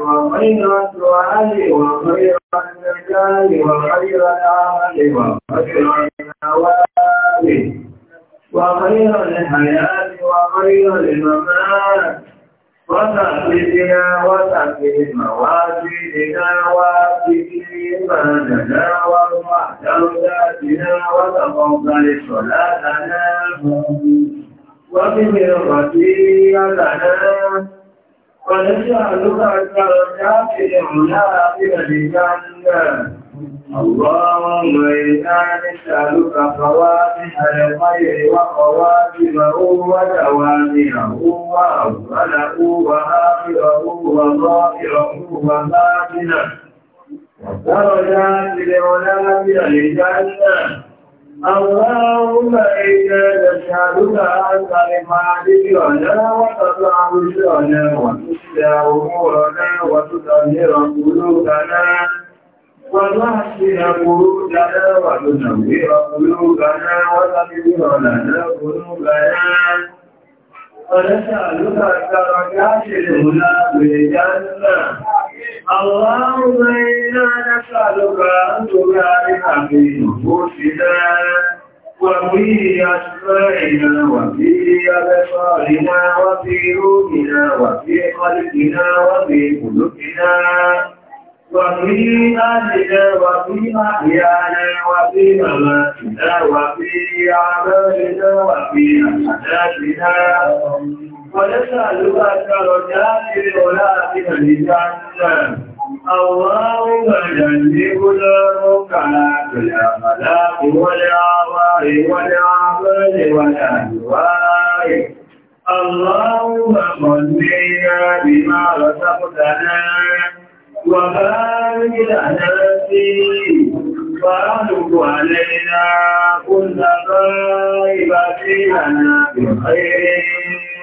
وخير السؤال وخير الزكاة وخير العمل وخير النوال وخير الحياة وخير الممات وتأكيدنا وتأكيد موازيننا وأكيدنا لنا وارفع درجاتنا وتقبل صلاتنا وبمرضيتنا ونجعلك كالكافر منافقا لجهنم اللهم إنا نسألك فواتح الخير وخواتمه ودوامعه وأوله وآخره وظاهره وباطنه ودرجات العلماء لجنة اللهم إنا نسألك أن تعبادك لنا وتطلع رشدنا وتسلى أمورنا وتطهر قلوبنا وتحسن قلوبنا وتنوير قلوبنا وتكبر لنا قلوبنا ونسألك الدرجات الأولى بالجنة اللهم إنا نسألك أن تبارك في نفوسنا وفي أسمائنا وفي أبصارنا وفي روحنا وفي قلبنا وفي قلوبنا وفي أهلنا وفي أحيانا وفي مماتنا وفي أعمالنا وفي أحداثنا ونسألك درجات أولئك لجهنم اللهم جنبنا منكرات الأخلاق والآواء والأعمال والأهواء اللهم صلينا بما رزقتنا وبارك لنا فيه علينا كل طائبة لنا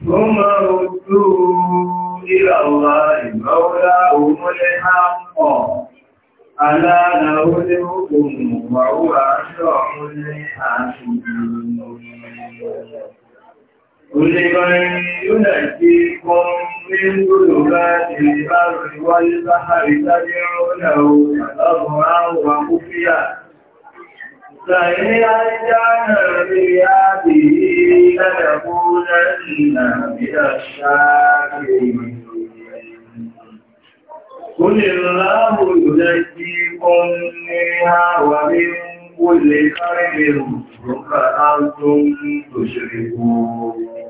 ثم ردوا إلى الله مولاهم الحق ألا له الحكم وهو أشرح الحاكمين قل من ينجيكم من ذنوب البر والبحر تدعونه تضرعا وخفيا سيرجعنا بيده لنكونن من الشاكرين قل الله ينجيكم منها ومن كل خير ثم انتم تشركون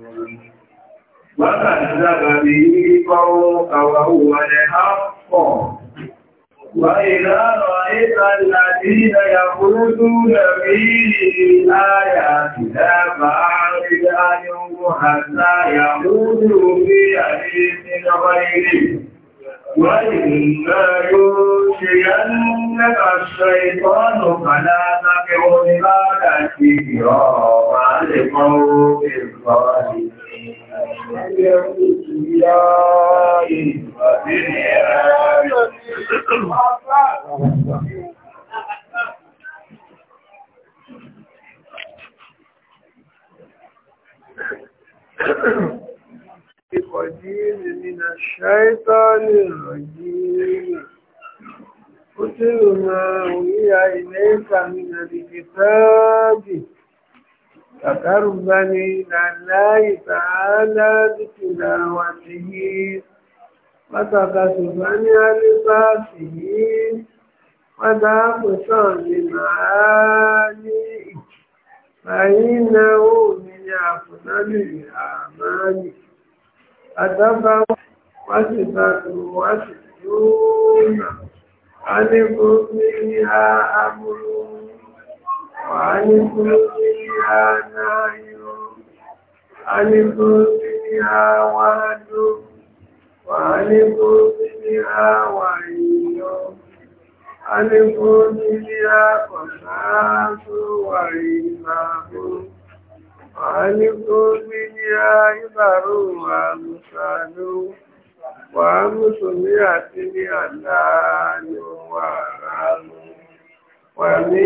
وكذب به فوقه هو الحق وإذا رأيت الذين يخرجون في آياتنا فأعرض عنهم حتى يخرجوا في حديث غيره وإما ينسينك الشيطان فلا تقعد بعد الذكرى مع القوم الظالمين القديم من الشيطان الرجيم قتل ما وهي إليك من الكتاب تقربني إلى الله تعالى بتلاوته وتكسبني لباسه وتعطشا لمعانيه فإنه من أفضل الأعمال أتبع وصفة وستون عن فيها أمر وعن فيها ha a anyị bụ osisi ha nwado anyị bụ osisi ha wayo anyị bụ osisi ha kọsaazụ warima bụ anyị bụ osisi ha ịbara ụwa mụsanụ wà á mùsùlùmí àti ní àdáyọ̀ wà á wà ní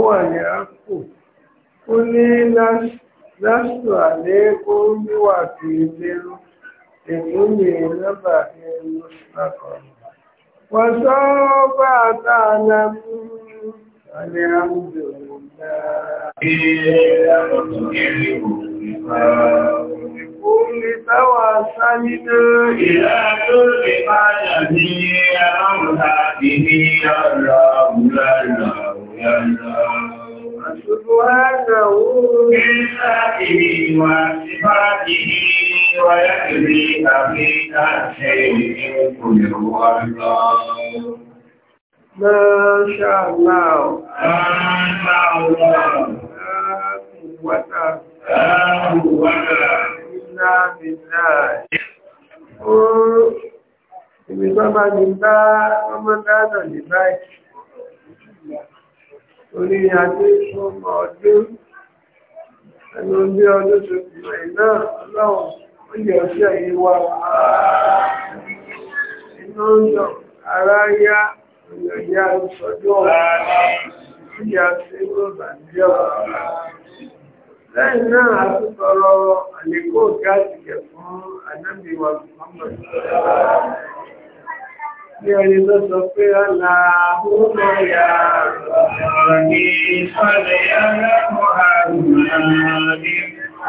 wà ní àpò ó ní lásù àlékún níwà fi lérú èkúnlé nọ́bà ẹnu lákọ̀ọ́ wọ́n sọ bá tá a nà mú Omi táwà sáyídé ìlà tó lè máa yà ní àwọn àbí ní ọ̀rọ̀ ọ̀rọ̀. سبحانه من ذاته وصفاته ويجزي في الشيء من كل والله ما شاء الله ما شاء الله لا قوة لا قوة إلا بالله Ibi tó bá ní bá ọmọ dáadọ̀ ní báyìí orí adé sọmọ ọdún ẹnu bí ọdún tuntun rẹ̀ náà ọlọ́run ó yẹ ọṣẹ yìí wá inú ń lọ ara yá ìyọ̀yá ìsọdún ọ̀hún ìyá sí rọ́bà ní ọ̀hún lẹ́yìn náà a tún sọ̀rọ̀ àlékò gáàsì yẹ̀ fún anábìwà Muhammad sí ẹni tó sọ pé ọ̀nà àbúrò ya ọ̀rọ̀ ní ìfọ́lẹ̀ aláwọ̀ àrùn àbí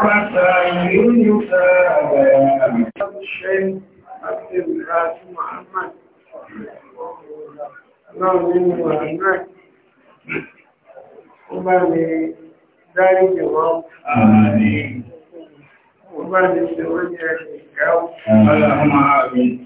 pátá yóò sára Ọba ni dárí jẹ̀ wọ́n. Àmì. Ọba ni ṣe wọ́n jẹ́ ìgbẹ́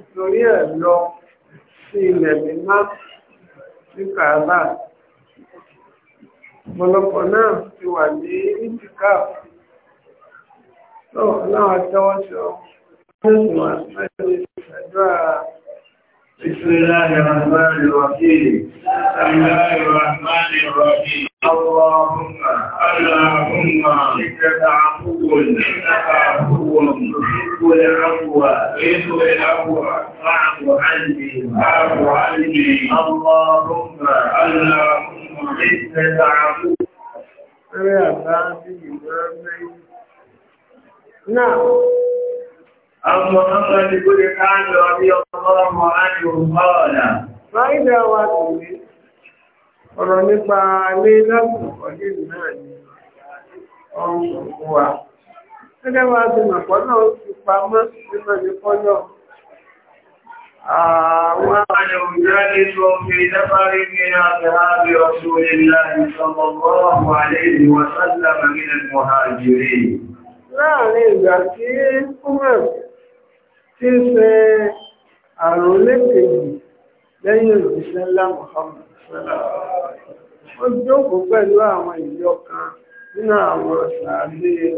torí ẹ̀ lọ sí ilẹ̀ mímá sí kàábà ọ̀pọ̀lọpọ̀ náà ti wà ní itikaf náà láwọn tẹ́wọ́sọ fún àṣírí ìṣàdúrà Bismillahirrahmanirrahim. Bismillahirrahmanirrahim. Allahumma, Allahumma, ìjẹta àkúwò, ìjẹta àkúwò, العفو ارزق العفو فاعف عني فاعف عني اللهم اللهم انك عفو نعم أم محمد بن كعب رضي الله عنه قال فإذا واتني ọ̀rọ̀ nípa alé lásìkò ọdún gẹ́gẹ́ wá sí màpọ̀ náà ti pamọ́ nínú ìpọ́ náà. Àwọn àjọ̀gbìnrin tó fi dábárí ní àbẹ̀hábẹ̀ ọ̀ṣọ́ ilẹ̀ ìṣọ́gbọ̀gbọ̀ àlẹ́yìn wàsálàmà nílẹ̀ mọ̀hájìrí. Láàrin ìgbà tí Kúmọ̀ ti fẹ́ àrùn lẹ́kẹ̀ẹ́jì lẹ́yìn òjíṣẹ́ ńlá Mọ̀hámù. Ó jókòó pẹ̀lú àwọn ìjọ kan nínú àwọn ṣàlẹ́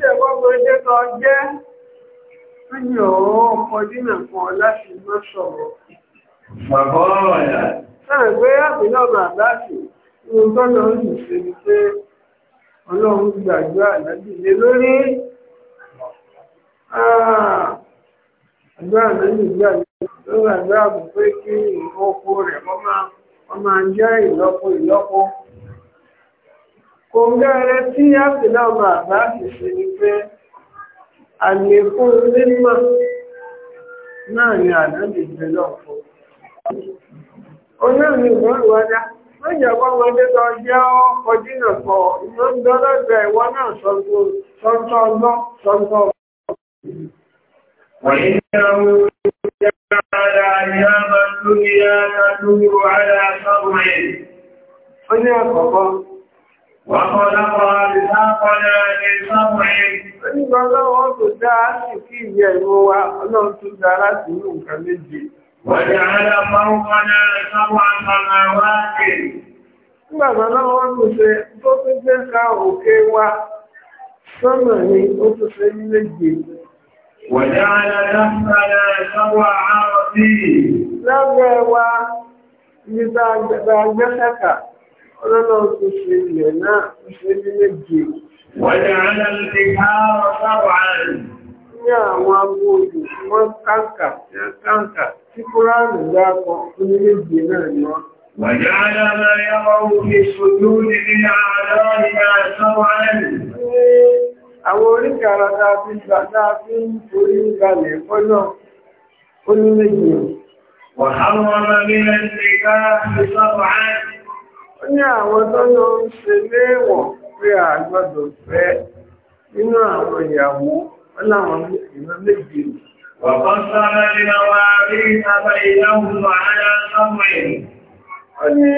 tí ẹ̀wọ́ mọ́ jẹ́ lọ jẹ́ ní ọ̀rọ̀ ọkọ̀ dínà kan láti má sọ̀rọ̀. Bàbá ọ̀yà. Sáà pé àbílọ̀ bàbá sì, ohun tó lọ ń ṣe ni pé Ọlọ́run gbàgbé àlájì lé lórí. Àgbà àlájì gbàgbé lórí àgbà àbùkù pé kí ìfọ́kù rẹ̀ wọ́n máa jẹ́ ìlọ́po ìlọ́po. òǹgẹ́rẹ tí a sì náà máa bá ìṣe ni pé àlékún mímọ̀ náà ni àdábì ìgbẹ́lọ̀ fún. Onáà ni ìwọ́n ìwádá, wọ́n jẹ́ wọ́n dé lọ jẹ́ ọkọ̀ jìnà pọ̀ ìlú dọ́lọ́gbẹ̀ ìwọ́ náà sọ́ńtọ́ ọlọ́ sọ́ńtọ́ وخلق أرزاقنا tó dá sí kí ìyẹ̀ ìwọ wa ọlọ́run tó dá láti inú tó ṣe tó ká òkè sọ́nà ó ṣe ní ọlọ́lọ́ ti ṣe ilẹ̀ náà ṣe ní méje. wọ́n Àwọn oríkàrà tá a gbà tá ń ká fi ó ní àwọn tọ́nà ń ṣe léèwọ̀n pé a gbọ́dọ̀ fẹ́ nínú àwọn ìyàwó láwọn ìran méje. Wọ̀kan sára nínú wa rí abẹ́ ìyáhùn àárá sọ́mọ̀ẹ̀. Ó ní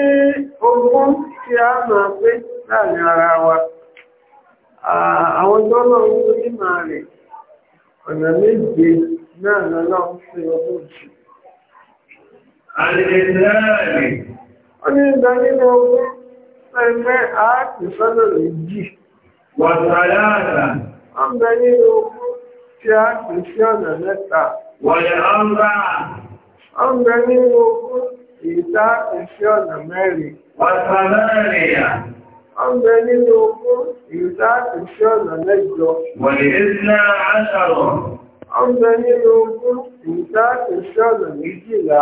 ogún tí a máa pé láàrin ara wa. Àwọn tọ́nà náà lọ́lọ́ ó ní ìgbà nínú ogún ẹgbẹ́ ààtì sọ́dọ̀ méjì wàtàláàtà ó ń bẹ nínú ogún tí a kì sí ọ̀nà mẹ́ta wọ̀lẹ̀ ọ̀nbà ó ń bẹ nínú ogún ìta kì sí ọ̀nà mẹ́rin wàtàláàrìà ó ń bẹ nínú ìta kì sí ọ̀nà mẹ́jọ wọ̀lẹ̀ ìta kì méjìlá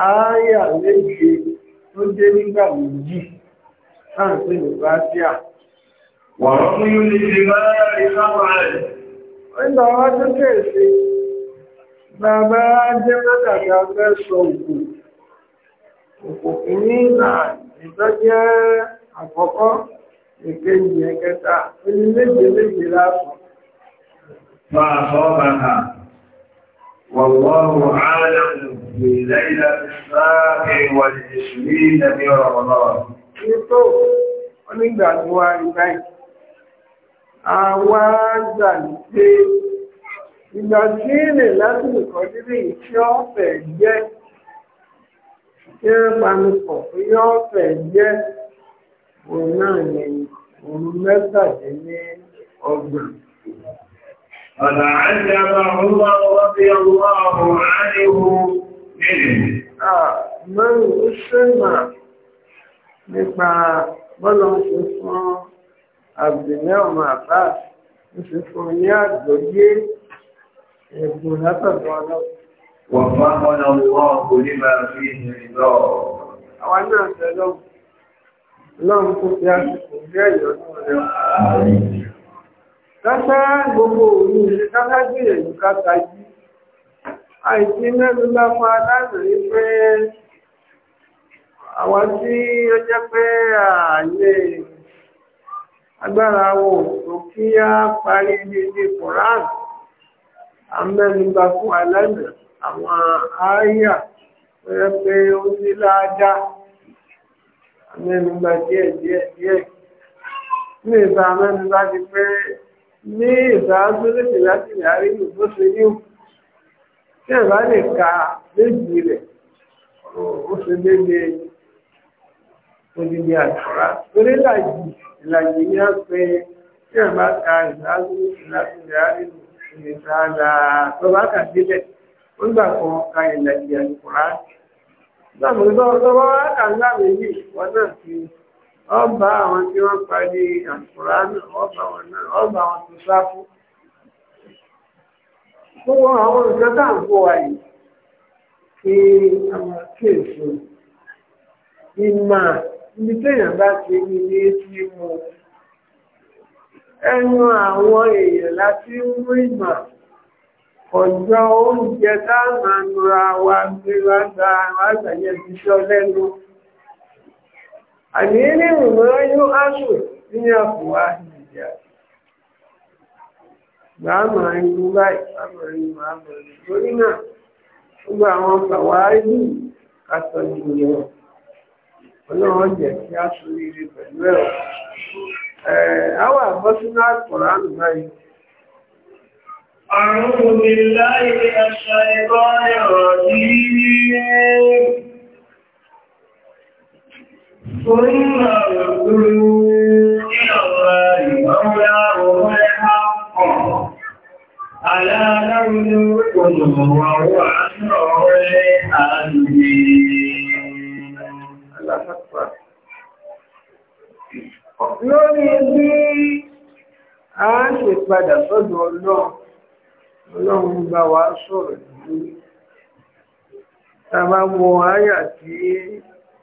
ááyà méje tó dé nígbà méjì náà pé nígbà tí à. Wàá mú yóò lè ṣe bá rí sáwọn rẹ̀. Nígbà wá tó kèèṣe, bàbá jẹ́ mọ́tàkà fẹ́ sọ òkú. Òkú kìíní náà ìtọ́ jẹ́ àkọ́kọ́, méje méje lásán. والله عالم في ليلة السابع والعشرين من رمضان nígbà tí wá rí báyìí àwọn àgbà ní pé ìgbà tí ilẹ̀ láti nìkan nílé tí ó jẹ́ tí ó panupọ̀ pé jẹ́ òun náà ní òun mẹ́tàdínlọ́gbọ̀n قد عجب عمر رضي الله عنه منه من السنة nípa bọ́lá ń ṣe fún abdulmẹ́ọ̀mù abbas ń ṣe fún ní àgbọ́yé ẹ̀bùn látọ̀dọ̀ ọlọ́ wọ́n fún ọmọdé wọn kò ní máa fi ìrìn lọ. àwa náà tẹ́lọ́ lọ́run tó fi Kásá gbogbo òru kásá gbìyànjú kásá jí. Àìsí mẹ́rin bá mọ aláàrin pé àwọn tí ó jẹ́ pé ààyè agbára wọn tó kí á parí nílé Koran. A mẹ́rin bá fún aláàrin àwọn ááyà tó yẹ pé ó ní láádáa. A mẹ́rin bá díẹ̀ díẹ̀ díẹ̀. Ní ìta mẹ́rin bá ti pé ní ìsáájú lóṣè láti yàrí ìlú bó ṣe ní tí ẹ̀ bá lè ka méjì rẹ̀ ó ṣe déédé odidi àtúrà torí làjì ìlàjì ní a pé tí ẹ̀ bá ka ìsáájú lóṣè láti yàrí ìlú ìsáájú tó bá kà sílẹ̀ ó gbà kan ka ìlàjì àtúrà. Ìgbà mọ̀ ní tọ́wọ́ wá kà ń láwèé yìí wọ́n náà ti ọba àwọn tí wọ́n parí àkùrá náà ọba àwọn náà ọba àwọn tó sáfú gbogbo àwọn nǹkan tá à ń kó wa yìí kí a máa kíyèsí ìmọ̀ ibi téèyàn bá ti rí ní etí mu ẹnu àwọn èèyàn láti mú ìmọ̀ ọ̀jọ̀ oúnjẹ tá à wa gbé wá gba àgbàyẹ ìṣọ́ lẹ́nu. àníyàn máa yóò áṣù ní àpòwá ìjà gbà máa ń yú báyìí sábà ń Ọ àbọ̀ lórí náà gbogbo àwọn fàwárí àtọ̀jú rẹ̀ ọlọ́run jẹ́ kí á tún rere pẹ̀lú ẹ̀rọ àwọn àbọ́sínú àkùránù أعوذ بالله من الشيطان الرجيم ثم يقولوا إلى الله مولاه الحق ألا نبلوكم وهو أسرع الحمدين الله أكبر lórí bí a ń ṣe padà sọ́dọ̀ ọlọ́run ọlọ́run bá wa sọ̀rọ̀ ìlú tàbá wọ àyà tí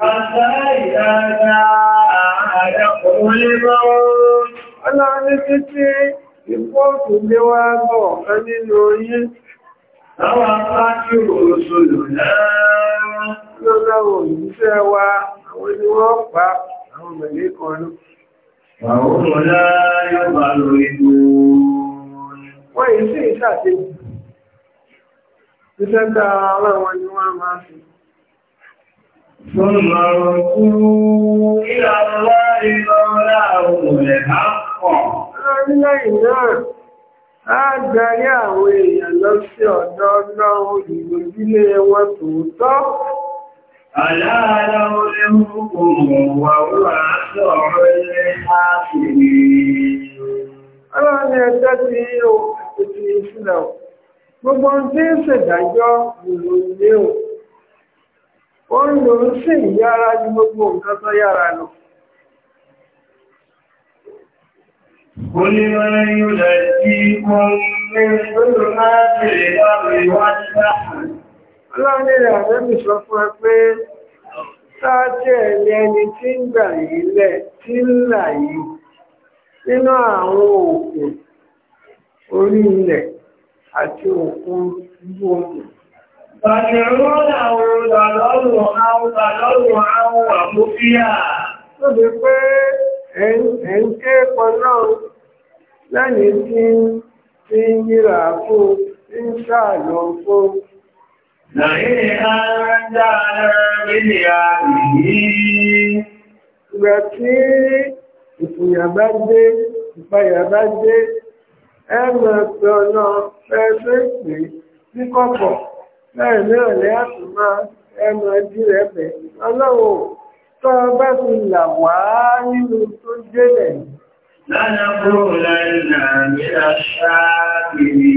حتى إذا جاء أحدكم الموت Ọlọ́run títí ìpọ́ọ̀tù lé wá bọ̀ ọ̀kan nínú Àwọn apájú òṣòlò náà wọ́n yìí sí ìṣàtẹ́jì. Iṣẹ́ dáa ni wọ́n máa ثم ردوا إلى الله مولاهم الحق Àgbàrí àwọn èèyàn lọ sí ọ̀dọ̀ ọlọ́run ìgbòjúlé wọn tòótọ́. Àláàlá orí hùkùnmù wà wúwà sí ọ̀rọ̀ ilé ààfìrí. Ọlọ́run ẹjọ́ ti yíò àti ti ìsìnà. Gbogbo ohun tí ń ṣèdájọ́ ìròyìn ó ń lò ó sì yára ju gbogbo nǹkan tó yára lọ. Olé máa ń yóò dà sí wọn ní ìgbèrò máa bèèrè láàrin ìwádìí pé nínú àwọn òkun orí ilẹ̀ Fàdìrúnà òòrùn àwọn pé ẹ̀ ń lẹ́yìn tí ti ń yíra fún ń ṣàlọ́ fún. Nàílẹ̀ ara ń dá ahụ mílẹ̀ àmì Ìgbà tí ìfìyà bá dé, bá dé, ẹ mọ̀ bẹ́ẹ̀ náà lẹ́yàtọ̀ máa ẹnu ẹbí rẹ̀ bẹ̀ ọlọ́run tó bá fi là wá nínú tó délẹ̀ lánàbúrò lẹ́nà nílá ṣáàkiri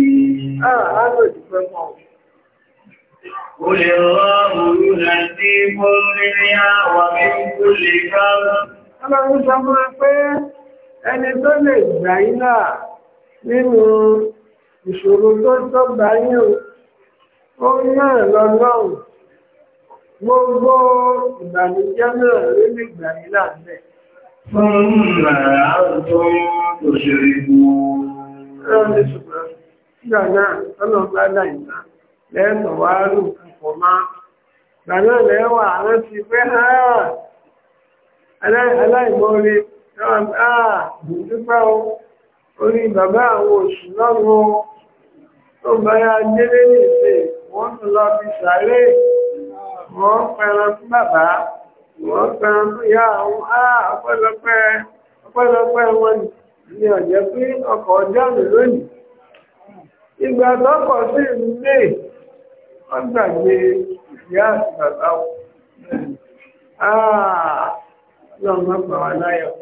Olè rọ́rùn ún láti mú nílé àwọn akẹ́kọ̀ọ́ lè gáàrù. Ọlọ́run sọ fún pé ẹni tó lè gbà yí náà nínú ìṣòro tó tọ́gbà yí onye náà lọ́lọ́run gbogbo ìbànújẹ́ náà ló lè gbà ní láàbẹ̀. fún àwọn ti pẹ́ aláìmọ́rí ààbùdúpẹ́ orí bàbá àwọn òṣù lọ́rùn ó bá yá wọ́n tún lọ fi sàárè wọ́n pẹran fún bàbá wọ́n pẹran fún ìyá àwọn ọpẹ́lọpẹ́ ọpẹ́lọpẹ́ wọn ni ọ̀jẹ́ pé ọkọ̀ ọjọ́ mi lónìí ìgbà tọ́kọ̀ sí ilé wọ́n gbàgbé ìyá àti bàbá wọn. láyọ̀.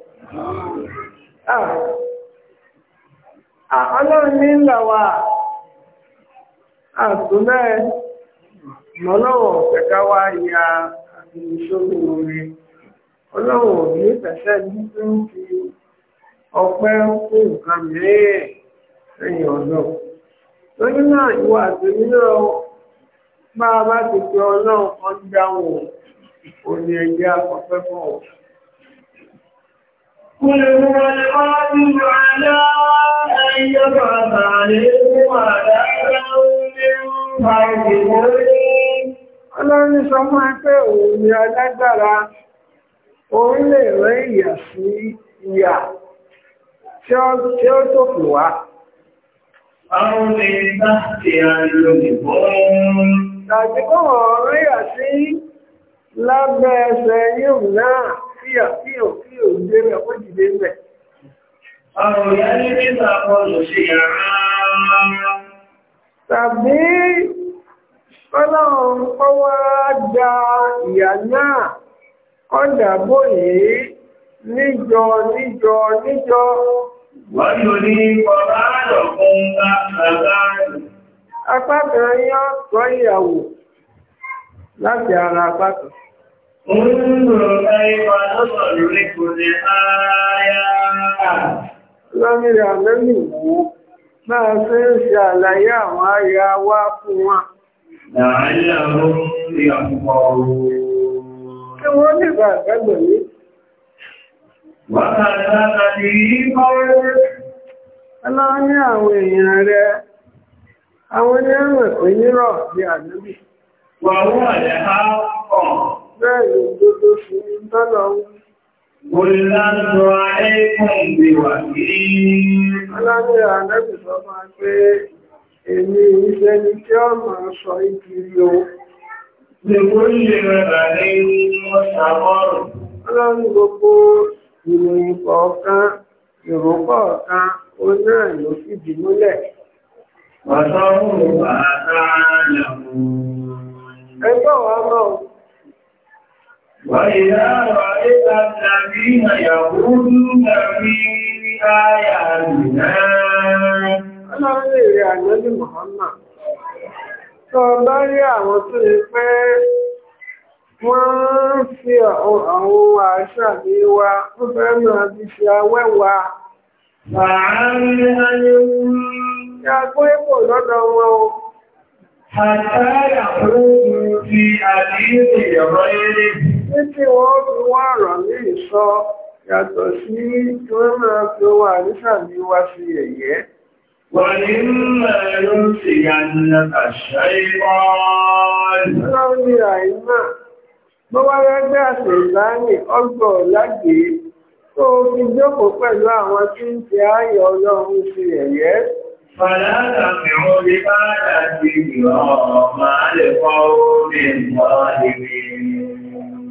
Ọlọ́run ní ń wà àtúnbẹ́ mọ́lọ́wọ́ kẹta wá ya ìṣòro rẹ̀ ọlọ́wọ́ ní ìfẹ̀sẹ̀ ní tó ń fi ọpẹ́ fún nǹkan mẹ́ẹ̀ lẹ́yìn ọ̀dọ́ lórí náà ìwà àtúnbí náà bá a bá ti fi ọlọ́run kan dáhùn òní ẹ̀jẹ̀ akọ̀fẹ́ fún ọ. قل هو القادر على أن يبعث عليكم bá ìdè lórí ọlọ́run sọ fún ẹ pé òun ni alágbára òun lè rẹ ìyà sí ìyà tí ó tó kù wá. Àwọn obìnrin bá ti àlò Tàbí kọ́ ọ̀rọ̀ ìyà sí lábẹ́ ẹsẹ̀ yìí náà kíyà rẹ̀ tàbí ọlọ́run pọ́wọ́ da ìyà náà ọ̀dàbò yìí níjọ níjọ níjọ. wọ́n yóò ní ọba àlọ́kùn bàbá ìyàwó láti ara apá kan. Oúnjẹ ẹ̀yọ́ lórí kò ní ààyà. máa fi ń ṣe àlàyé àwọn àyà wá fún wa. Kí ní àwọn èèyàn rẹ̀, àwọn ní àdúgbì. wọ́n Bẹ́ẹ̀ ni gbogbo Olùlànà àẹ́kùn ìgbèwà kìí. Aláàrẹ ànẹ́bì sọ máa pé èmi ìṣẹ́ ni kí ọ máa sọ ìkiri o. Lèkó yìí rẹ̀ bà ní ọ̀sàmọ́rùn. Ọlọ́run gbogbo ìròyìn kọ̀ọ̀kan, ìrò kọ̀ọ̀kan, ó náà ló fìdí múlẹ̀. وإذا رأيت الذين يقولون في آياتنا Aláàrẹ̀ àjẹ́bí Mọ̀hánà, tó bá rí àwọn tó ní pé wọ́n ń fi àwọn àṣà bí wa, ó fẹ́ máa fi ṣe awẹ́wà. Àárín ayé wú. Yàgbó títí tí wọ́n fi wá ọ̀rọ̀ ní ìsọ yàtọ̀ sí tí wọ́n máa fi owó àríṣà ní wá sí ẹ̀yẹ́. Wọ́n ní mẹ́rin ti yà ní àṣà ìpọ́n. Ọlọ́run ní àìmọ̀. Bó wá orí bá dàbí ìrọ̀ orí ìmọ̀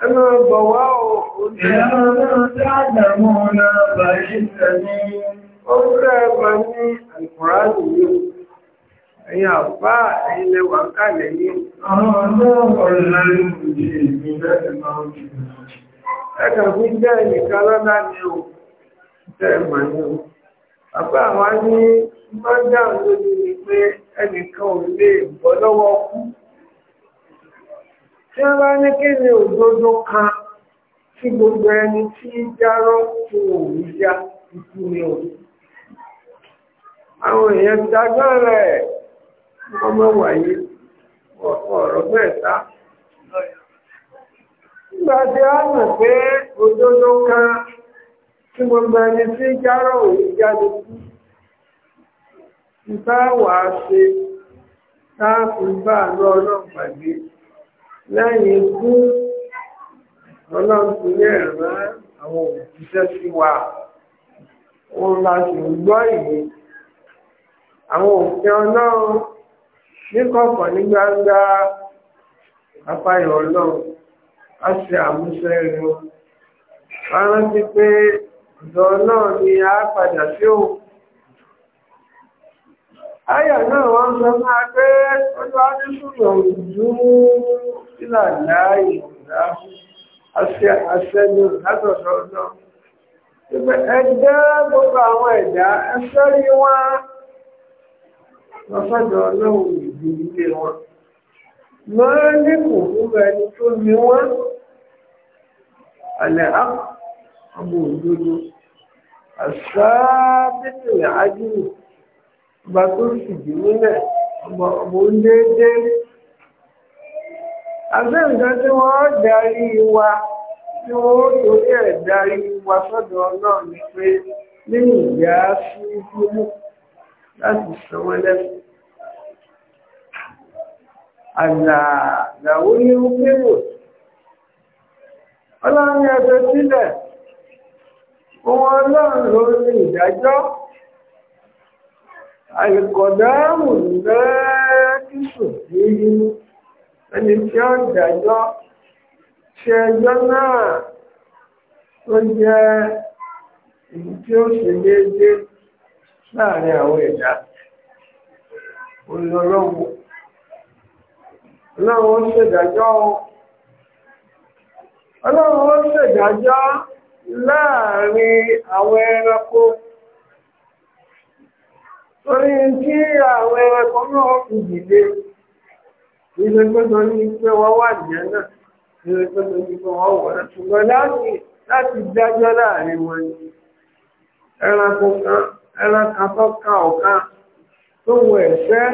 Ẹmọ gbọ̀wọ́ ìrìnàmọ́ dáadàmọ́ náà bàí ìtẹ̀mí, ó rẹ̀ bá ní àìkùránì yìí, ẹ̀yìn àpá ilẹ̀ wà kàlẹ̀ yìí. Àwọn ọmọ ọ̀rìnà ìrìnàmọ́ ìrìnàmọ́ ìrìnàmọ́ ẹnìkan ò lè bọ́ lọ́wọ́ kú tí wọ́n bá ní kí ni òdodo kan tí gbogbo ẹni tí járọ́ tó òun já ikú ni o àwọn èèyàn dágbára ẹ̀ ọmọ wàyí ọ̀rọ̀ mẹ́ta nígbà tí a mọ̀ pé òdodo kan tí gbogbo ẹni tí járọ́ òun já ikú ìbá wà ṣe táàfin bá àánú pàdé lẹ́yìn ikú ọlọ́run ti àwọn òṣìṣẹ́ sí wa òun la sì ń gbọ́ ìyẹn àwọn òfin ọlọ́run níkọ̀ọ̀kan ní gbangba apáyọ̀ ọlọ́run a ṣe àmúṣẹ rẹ̀ wọ́n rántí pé ọ̀dọ̀ náà ni a padà sí òun. Ayà náà wọ́n sọ máa pé ọjọ́ adúsùnà ìlú ìlànà ìlà aṣẹ́lú látọ̀dọ̀ ọ̀nà. Ẹgbẹ́ gbogbo àwọn ẹ̀dá ẹṣẹ́ rí wọ́n lọ́sọ̀dọ̀ ọlọ́run ìlú wọn. Máa ní kò fún ẹni tó ní wọ́n. ọba tó fìdí nílẹ̀ ọ̀bọ̀ ń déédéé tí wọ́n darí wa tí wọ́n torí ẹ̀ darí wa sọ́dọ̀ náà ni pé nínú ìyá sí dúró láti san lẹ́sùn. ní àìkọ̀dáàmù lẹ́ẹ̀kìsù yìí ẹni tí ó dájọ́ ṣe ẹjọ́ náà tó jẹ́ èyí tí ó ṣe déédéé láàrin àwọn ẹ̀dá olùrànlọ́wọ́ ọlọ́run ó ṣèdájọ́ ọlọ́run ó ṣèdájọ́ láàrin àwọn ẹranko. Torí tí àwọn ẹranko náà fi dìde, ilé gbọ́dọ̀ ní pé wọ́n wà jẹ́ náà, ilé gbọ́dọ̀ ní pé wọ́n wọ̀ Ṣùgbọ́n láti dájọ́ láàrin wọn ni ẹranko tó ka ọ̀ka tó wọ ẹ̀fẹ́,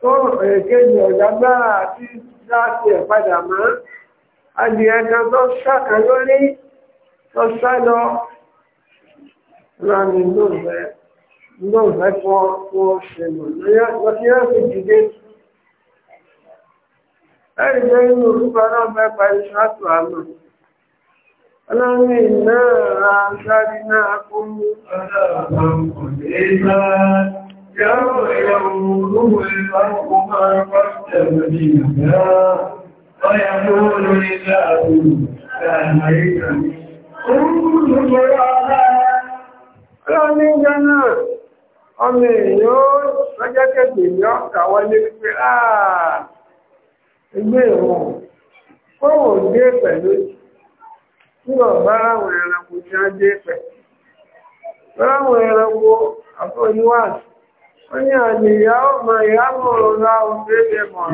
tó èkejì ọ̀dágbára àti láti ẹ̀ mọ́. Adìẹ tó ṣàkà tó sá lọ, rani lóògbé. Não vai poxa, mano. Eu criança de dentro. Aí vem no tubarão, vai para o chato, mano. Ọlọ́run iná àṣàrí náà kún mú. Ọlọ́run kò lè máa yàwó ẹ̀yàwó olówó ìfàkùnkùn máa ń pàṣẹ lórí ìgbà. Ọyàwó olórí láàrù láàrín ìgbà. Orúkú ló jẹ́ ọlá. Ọlọ́run ìjọ náà ọmọ èèyàn lọ́jọ́ kẹ̀kẹ́ ní ọ̀kà wọlé pé ah, ẹgbẹ́ ìwọ̀n kóòwò dé pẹ̀lú nígbà bára àwọn ẹranko tí a dé pẹ̀lú bára àwọn ẹranko àfọyíwáàsì ó ní àníyá ọmọ ìyá mọ̀rọ̀ ra oúnjẹ lè mọ̀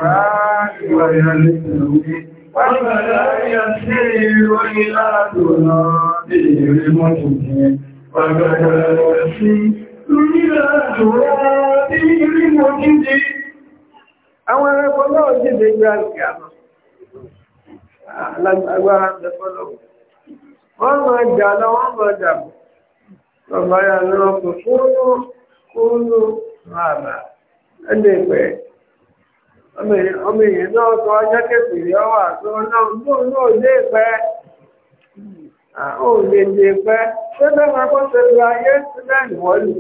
ìwà ìrìnlẹ̀ Àwọn ẹranko náà jíde gbá ìgbà alágbára lẹ́fọ́lọ́wọ́. Wọ́n máa jà lọ, wọ́n máa jà bọ̀. Bàbá yà lọ́rọ̀ kò fúnnú kúnnú máa bà ẹni náà sọ ọjọ́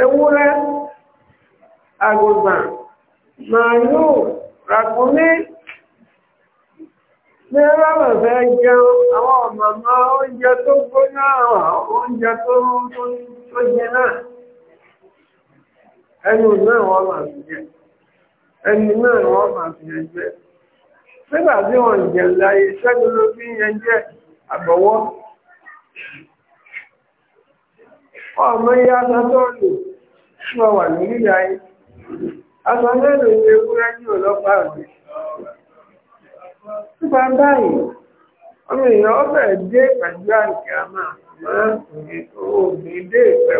ewúrẹ́ àgùntàn màálùú ràkúnmí ní ẹlọ́rọ̀ fẹ́ jẹun àwọn ọ̀mọ̀mọ́ oúnjẹ tó gbóná oúnjẹ tó jẹ náà ẹnu náà wọ́n máa fi jẹ ẹni náà wọ́n máa fi yẹn jẹ nígbà tí wọ́n jẹ láyé ṣẹ́gun ló fi yẹn jẹ àbọ̀wọ́ ọmọ yẹ aṣọ tó lò fún ọwà ní yíya yìí aṣọ mélòó ni ewúrẹ́ ní ọlọ́pàá rẹ̀ nípa báyìí ọmọ èèyàn ọbẹ̀ dé pẹ̀lú àìkè àmà máa ń òbí dé ìpẹ́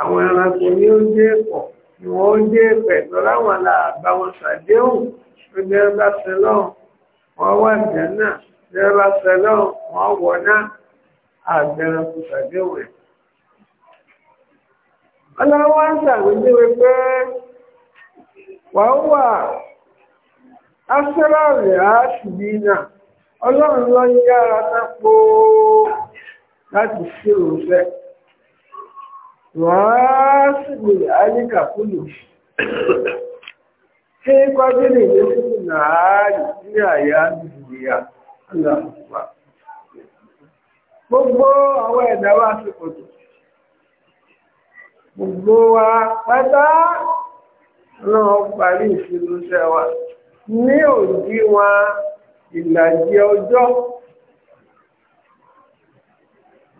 àwọn ẹranko ní ó dé pọ̀ ni wọ́n ó dé pẹ̀lú láwọn làbá wọn ṣàdéhùn tó jẹ́ bá ṣe lọ́hùn wọ́n wà jẹ́ náà jẹ́ bá ṣe wọ́n náà àgbẹ̀rẹ̀ kò ṣàdéhùn ọlọ́run wá ń ṣàwíjúwe pé wàá wà áṣẹ́láàrẹ̀ àṣìbínà ọlọ́run lọ yára tápó láti ṣe òfẹ́ wàá sígbè ayíkàkúlù ṣé kọ́bílì na sígbè ní àyà nìyà ọlọ́run pa gbogbo àwọn ẹ̀dá wa sí kòtò gbogbo wa pátá náà parí ìfirúṣẹ́ wa ní òdí wa ìlàjì ọjọ́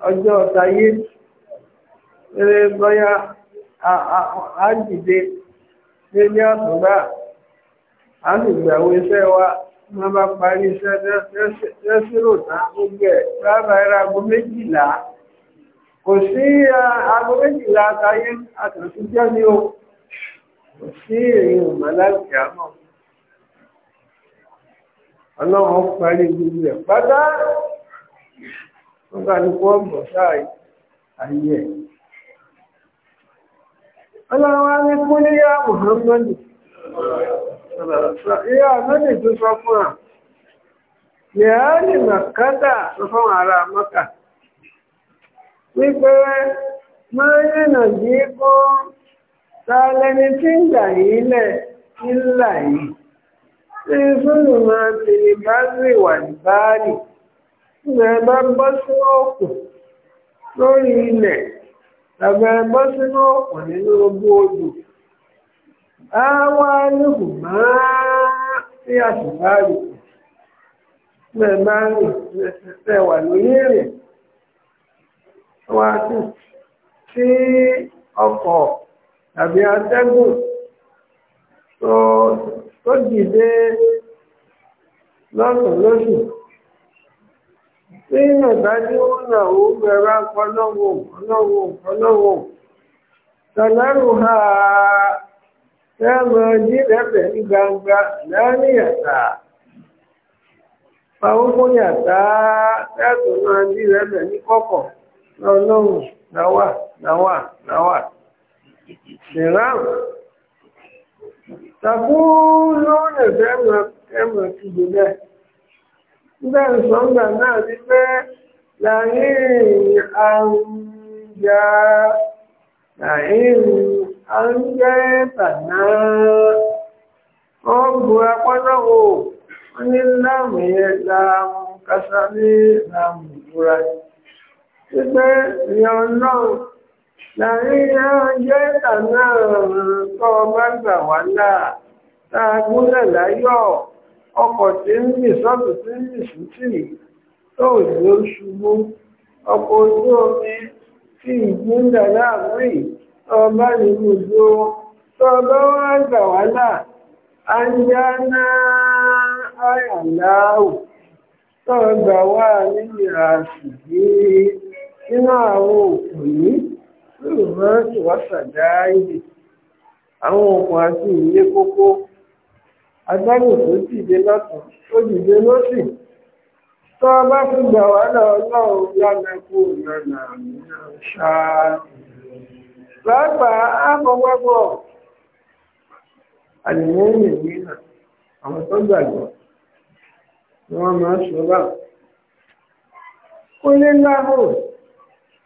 ọjọ́ ọ̀tayé eré bọ́yá àjìdé nílé àtúgbà a sì gbàwó iṣẹ́ wa wọ́n bá parí iṣẹ́ tẹ́sírò tán gbogbo ẹ̀ rábàárà aago méjìlá kò sí eh, aago méjìlá àtàyé àtàkùn jẹ́ ní o kò sí èyí ọ̀mà láti àmọ́ ọlọ́run parí gbogbo ẹ̀ pátá wọ́n kálukú ọmọ sáà ayé ẹ̀ ọlọ́run á ní kú ní yá Muhammadu ìyá àmọ́dé tó sọ fún à yẹ́ á lè màkátà sọ fún ara mọ́kàtà. wípé máa rìnà jí kó ta lẹni tí ń gbà yìí lẹ̀ yìí tí sùnù máa tèlè bá rí wà báàlì ìgbà bá bọ́ lórí ilẹ̀ tàbí bọ́ sínú nínú ogún odò máa wá tí ọkọ̀ tàbí atẹ́gùn tó dìde lọ́sùn lóṣù tí ìrìnàdájú náà ó bẹ̀rẹ̀ ọlọ́wọ̀ ọlọ́wọ̀ ọlọ́wọ̀ tàlẹ́rù ha tẹ́mọ̀ jílẹ̀bẹ̀ ní gbangba ní kọ̀kọ̀. ọlọ́run náwà náwà náwà ṣìrán tàbí lóòrè fẹ́mọ̀ ti jù bẹ́ẹ̀ nígbà ìsọ̀ǹgbà náà ti pé láàrin àrùnjà láàrin àrùnjẹ́ tàná wọ́n bu apọ́nà wò wọ́n ní láàmù yẹn láàmù kásámí láàmù búra yìí. sí pé ìyàn náà láàrin náà jẹ́ ìtànà bá gbà wà náà tá gúnlẹ̀ láyọ̀ ọkọ̀ tí ń rìn sọ́tù tí ń rìn sùtì tó ìlú ṣubú ọkọ̀ ojú omi tí ìgbìndà láàrin ọba nínú tó wá gbà náà ń náà nínú àwọn òkú yìí lórí máa ń tìwásà dááyé àwọn òkú àti ilé kókó agbáyò tó dìde lọ́tún tó dìde lọ́sìn tó o bá fi gbà wá lọ àmì àwọn tó gbàgbọ́ máa kó lé láhùn.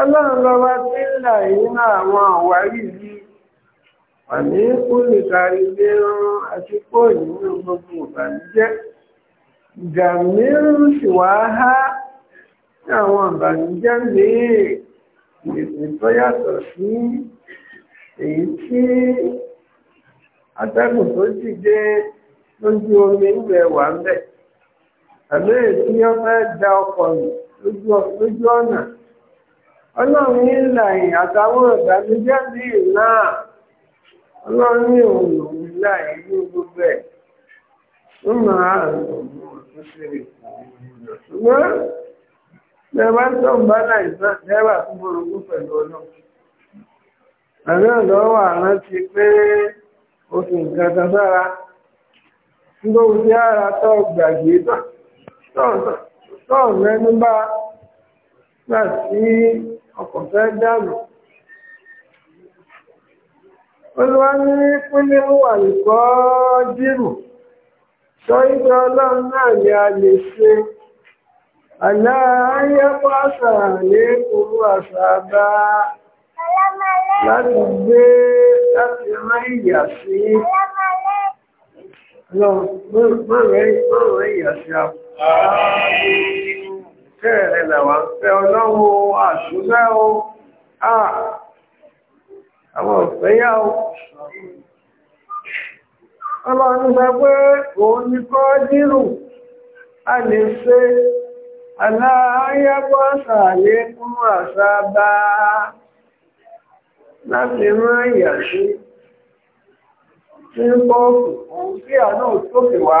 ọlọ́run lọ́wọ́ tí ń là nínú àwọn àwárí yìí àmì kúlù kárí lé rán àti pọ́ọ̀lù nínú gbogbo ìbànújẹ́ gàmírù sì wá há ní àwọn ìbànújẹ́ mìíràn ìrètí tó yàtọ̀ sí èyí tí atẹ́gùn tó dìde lójú omi ń wà ń bẹ̀ àbẹ́rẹ́ tí da ọkọ̀ lójú ọ̀nà. ọlọ́run ní ìlàyìn àtàwọn ìbànújẹ́ bí náà ọlọ́run ní láyìn ní gbogbo ẹ̀ ń ọ̀tún sí ṣùgbọ́n bá ọlọ́run o ara tó gbàgbé tán tó ń mẹ́nu ọkọ̀ fẹ́ dànù. Olúwa ní pínlẹ̀ wà nìkọ́ dìrù. Sọ ìjọ ọlọ́run náà ni a lè ṣe. Àlá ayẹ́pọ̀ àṣà ní òru àṣà bá láti gbé láti rán ìyà sí. Lọ, mọ̀rọ̀ ìyà sí àpò fẹ́ rẹ̀ làwà ń fẹ́ ọlọ́run àṣúgbẹ́ o àwọn òfẹ́yà o ọlọ́run gbẹ pé òun ni kọ́ dírù a lè ṣe aláyẹ́gbọ́ sàlẹ̀ fún àṣà bá láti rán ìyàṣí tí ń bọ́ òkùnkùn sí àná òtókè wá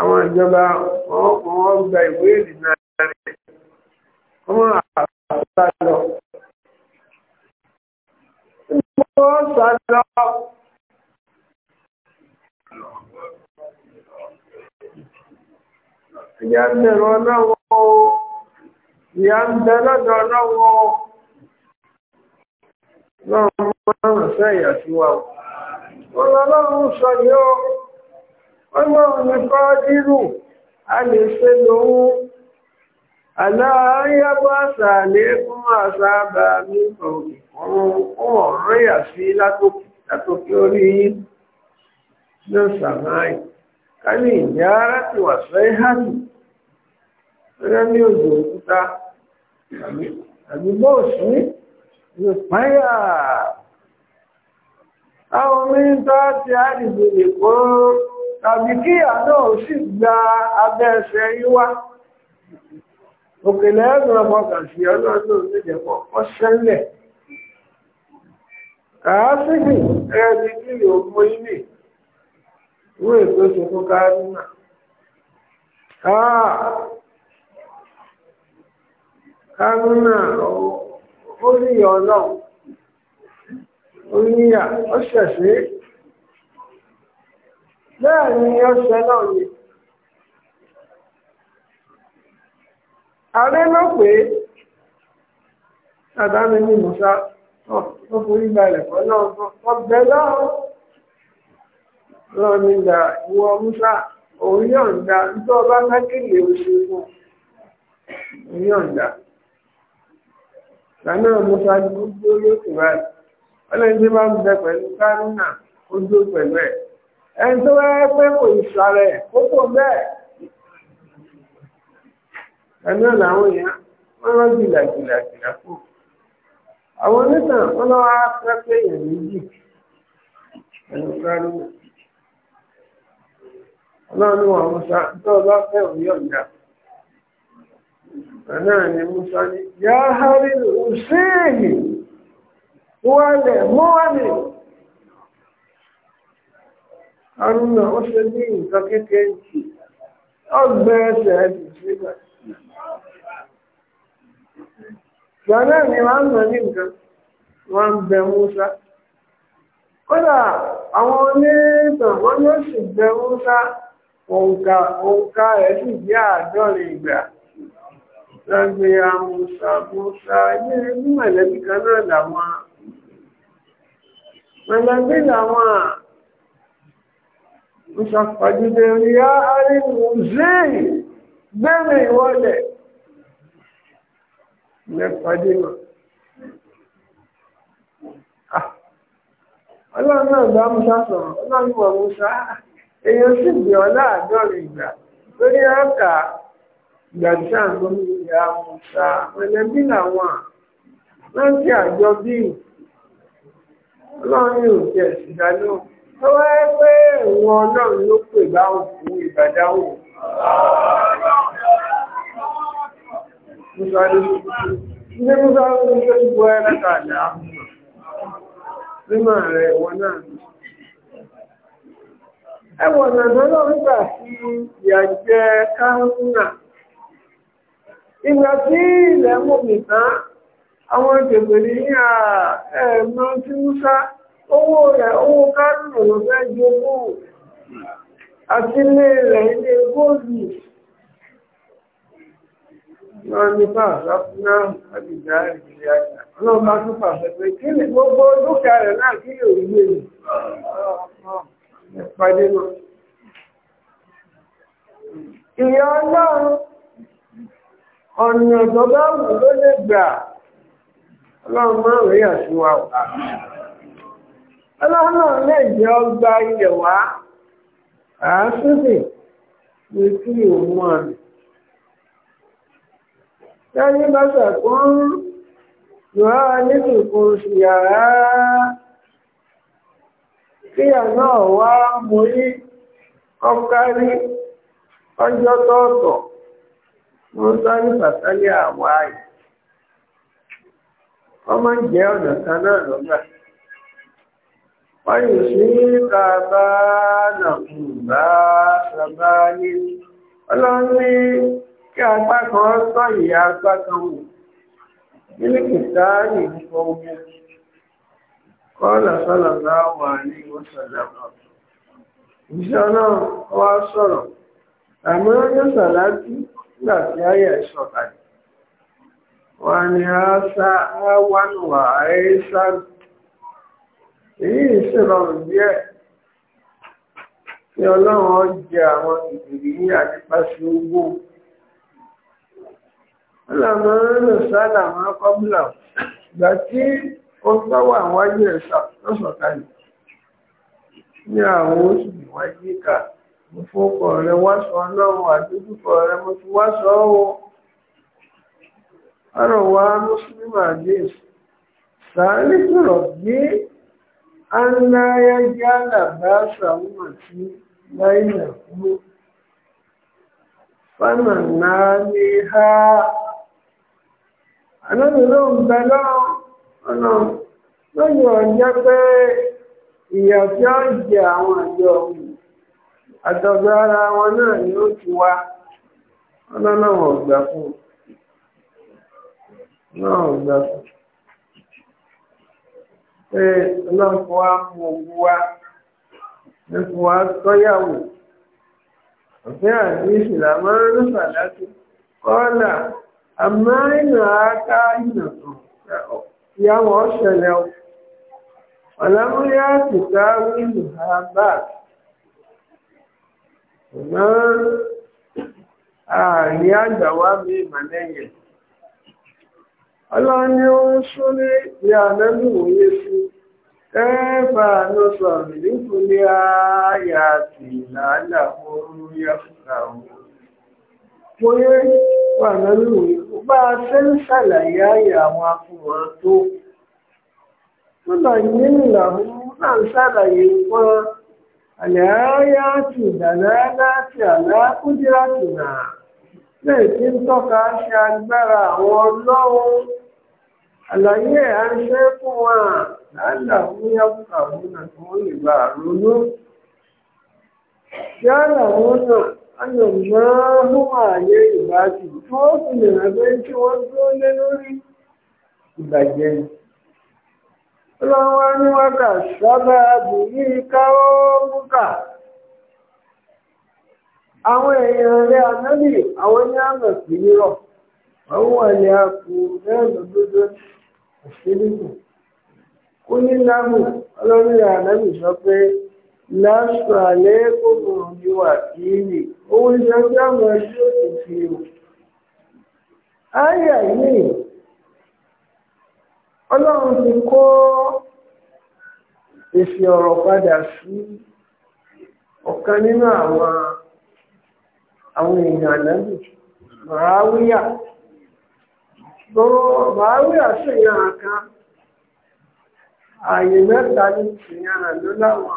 àwọn ìjọba wọ́n gba ìwé ìrìnà rẹ̀ wọ́n àbá lọ. wọ́n sá lọ. ìyá ń bẹ̀rù ọlọ́wọ́ o ìyá ń bẹ lọ́dọ̀ ọlọ́wọ́ o lọ́run máa ń ràn sẹ́yà sí wa o. wọ́n lọ́run sọ yìí ọlọ́run ní kọ́ dírù a lè ṣe lòun aláàáyábọ̀ àṣà lẹ́kún àṣà bá mi ọ̀rọ̀ ọ̀rọ̀yà ní òjò òkúta àbí bóòsù ní páyà àwọn mí ti lè tàbí kíyà náà sì gba abẹ́ ẹsẹ̀ yíwá òkèlè ẹ̀rùn ọmọkà sí ọlọ́dún onídẹ̀kọ́ ọ̀sẹ́lẹ̀ kàásìkì ẹni kíyà ògùn ilé ìwé ètò ṣe fún kárínà kárínà ó rí ọlọ́run ó níyà ó ṣẹ̀ṣẹ̀ bẹ́ẹ̀ ni ó ṣe náà ni. ààrẹ pé ní musa náà ọbẹ̀ lọ́wọ́ musa òun yọ̀ǹda nítorí ọba kákìlì oṣù fún òun Musa dúró lókè báyìí. Ọlọ́run bá ń bẹ pẹ̀lú Kárínà, ó dúró pẹ̀lú ẹ̀. ẹni tó wáyé pé kò ìsàrẹ̀ kókò bẹ́ẹ̀ ẹ̀mí làwọn èèyàn wọ́n rán jìlàjìlàjìlà kù àwọn onítàn wọn lọ́wọ́ á pé èèyàn méjì ọlọ́run ní wọn musa tó o bá fẹ́ òun ni musa ní òun sí èyí wọ́n Arúnà ó ṣe ní nǹkan kékeré jù, ọgbẹ́ ẹsẹ̀ ẹ̀dùn nígbà. Gbàdá ni wọ́n ń lọ ní nǹkan, wọ́n ń bẹ Músá. Kódà àwọn onítàn wọ́n ló sì bẹ Músá, òǹkà òǹkà rẹ̀ sì jẹ́ àádọ́rin ìgbà. Lágbé Amúsá Músá ní mọ̀lẹ́bí kan náà làwọn. Mọ̀lẹ́bí làwọn ìṣàpàjúdé ríá àríwò zéè gbẹ́rẹ̀ ìwọlẹ̀ mẹ́pàdé mà ah. ọlọ́run náà bá musa sọ̀rọ̀ ọlọ́run wọ̀ musa èèyàn sì gbé ọ láàádọ́rin ìgbà lórí ọ̀kà ìgbà tí à ń gbọ́ ìyá musa mẹlẹ́bí làwọn rántí àjọ bíi ọlọ́run yóò jẹ́ tó wá pé ìwọ̀n náà ló pè báwọn fún ìbàdáwò Ní Musa ló ń tó gbọ́ ẹ́rẹ́ta àdá. Nímọ̀ rẹ̀ ìwọ̀n náà. Ẹwọ̀n gbà sí káàkùnà. Ìgbà tí ilẹ̀ owó rẹ̀ owó kárùn ún fẹ́ ju owó àti ilé rẹ̀ ilé góòlù máa ní bá àláfúná àbìdá ìrìnlẹ̀ àjà náà bá tún pàṣẹ pé kí ni gbogbo dúkìá rẹ̀ náà kí lè rí lè pàdé lọ. ìyá ọlọ́run ọ̀nà tó ló lè gbà ọlọ́run máa rí àṣìwà ọ̀hún ọlọ́run lè jẹ́ ọgbà ilẹ̀ wá àásùsì ní kí òun àmì lẹ́yìn bá ṣẹ̀kún lọ́wọ́ nítìkún sí yàrá kíyà náà wá mú yí ọkárí ọjọ́ tọ́ọ̀tọ̀ mo sáré pàtàkì àwọn àyè ọmọ jẹ́ ọ̀nà kan náà ويصيب بينكم بأس بين ọlọ́run ní kí apá kan tọ́ ìyá apá kan wò nínú kìtáàrí nípa omi kọ́ọ̀lá sọ́lọ̀lá wà ní ìwọ̀sọ̀lọ́pọ̀ ìṣẹ́ náà wá sọ̀rọ̀ àmọ́ yóò sàlájú nígbà tí ayé ẹ̀ṣọ́ kalẹ̀ wà ní àṣà wà wà ní èyí ṣèrọrùn díẹ̀ tí ọlọ́run jẹ àwọn ìbìrì ní àdípasẹ̀ owó ọlọ́run sálà máa kọ́bùlà ìgbà tí ó sọ́wọ́ àwájú ẹ̀ sọ̀kalẹ̀ ní àwọn oṣù ìwájú ká mo fọ́kọ̀ rẹ wá sọ ọlọ́run àdúgbò rẹ mo ti wá sọ ọ̀rọ̀ wa mùsùlùmí àdéhùn sàálì sọ̀rọ̀ bíi. ألا يجعل بأسهم في بينهم فمن عليها أنا لهم بلاء أنا lóyún ọjọ́ pé ìyà tí jẹ àwọn àjọ òun ara wọn náà ni ó ti wá ọlọ́nà fún náà pé ọlọ́run fún wa mú owó wa ní fún wa tọ́yàwó òfin àdéhùn làwọn rúfà láti kọ́là àmọ́ ìnà aká ìnà tó ìyàwó ọ̀ṣẹ̀lẹ̀ o ọ̀làmúyá kìtà wíìlù harvard ṣùgbọ́n ààrin àgbà mi ìmọ̀lẹ́yìn. ọlọ́ni ó ń sún ní ìyànẹ́lú òye sí ẹ́ẹ̀fà ló sọ ìlúkù ní ààyà àti ìlànà ooru ọrụ ya mo yé wà lọ́lú òye bá a ṣe ń ṣàlàyé ààyè àwọn afúnwọ̀n tó. tó lọ na nìlànà náà ń ṣàlàyé wọn àlẹ́ àlàyé à ń ṣe fún wa lálà fún yàtọ̀ àwọn àwọn ìgbà ronú yálà wọn náà ayọ̀ máa mú ààyè ìbájú tí wọ́n fi lè rẹ̀ wọ́n dúró lé lórí ìbàjẹ́ ọlọ́wọ́ ní sábà bùrí káwọ́ búkà àwọn èèyàn ànábì àwọn ní àmọ̀ sí rírọ̀ àwọn àpò àṣírígù kú ní lámù ọlọ́run ànábì sọ pé lásù àlẹ́ kòkò ní wàkíìlì owó iṣẹ́ tí àwọn ẹgbẹ́ òkè fi o. àyà yìí ọlọ́run ti kó èsì ọ̀rọ̀ padà sí ọ̀kan nínú àwọn àwọn èèyàn sọrọ bàáwí àṣeyàn àká ààyè mẹ́ta ní ìyàn àlọ́ láwọn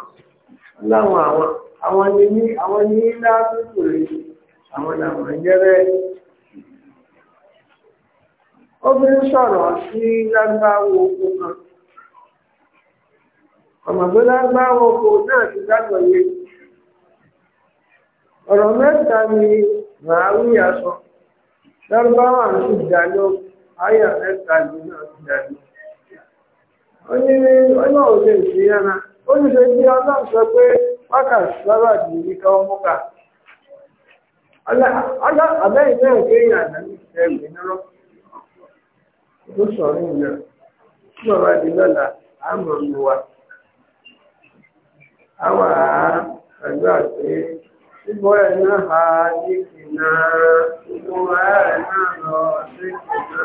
àwọn àwọn ni ní àwọn ní lábùkù rẹ̀ àwọn làwọn jẹ́rẹ́ obìnrin sọ̀rọ̀ sí lágbáwo oko kan ọ̀mọ̀gbé lágbáwo oko náà ti dágbọ̀ ni àyà na yìí náà ti dàbí. ó ní ọlọ́run lè fi yára ó ní ṣe bí sọ pé wákàtí sábà dì ní ká ọmọ kà. àbẹ́yìn náà kéèyàn àdáni ẹ̀rù nírọ́. ó sọ̀rọ̀ ìlú tí di Ìgbọ́ ẹ̀ náà ha ní kìnnà, ìgbọ́ ẹ̀ náà lọ sí kìnnà.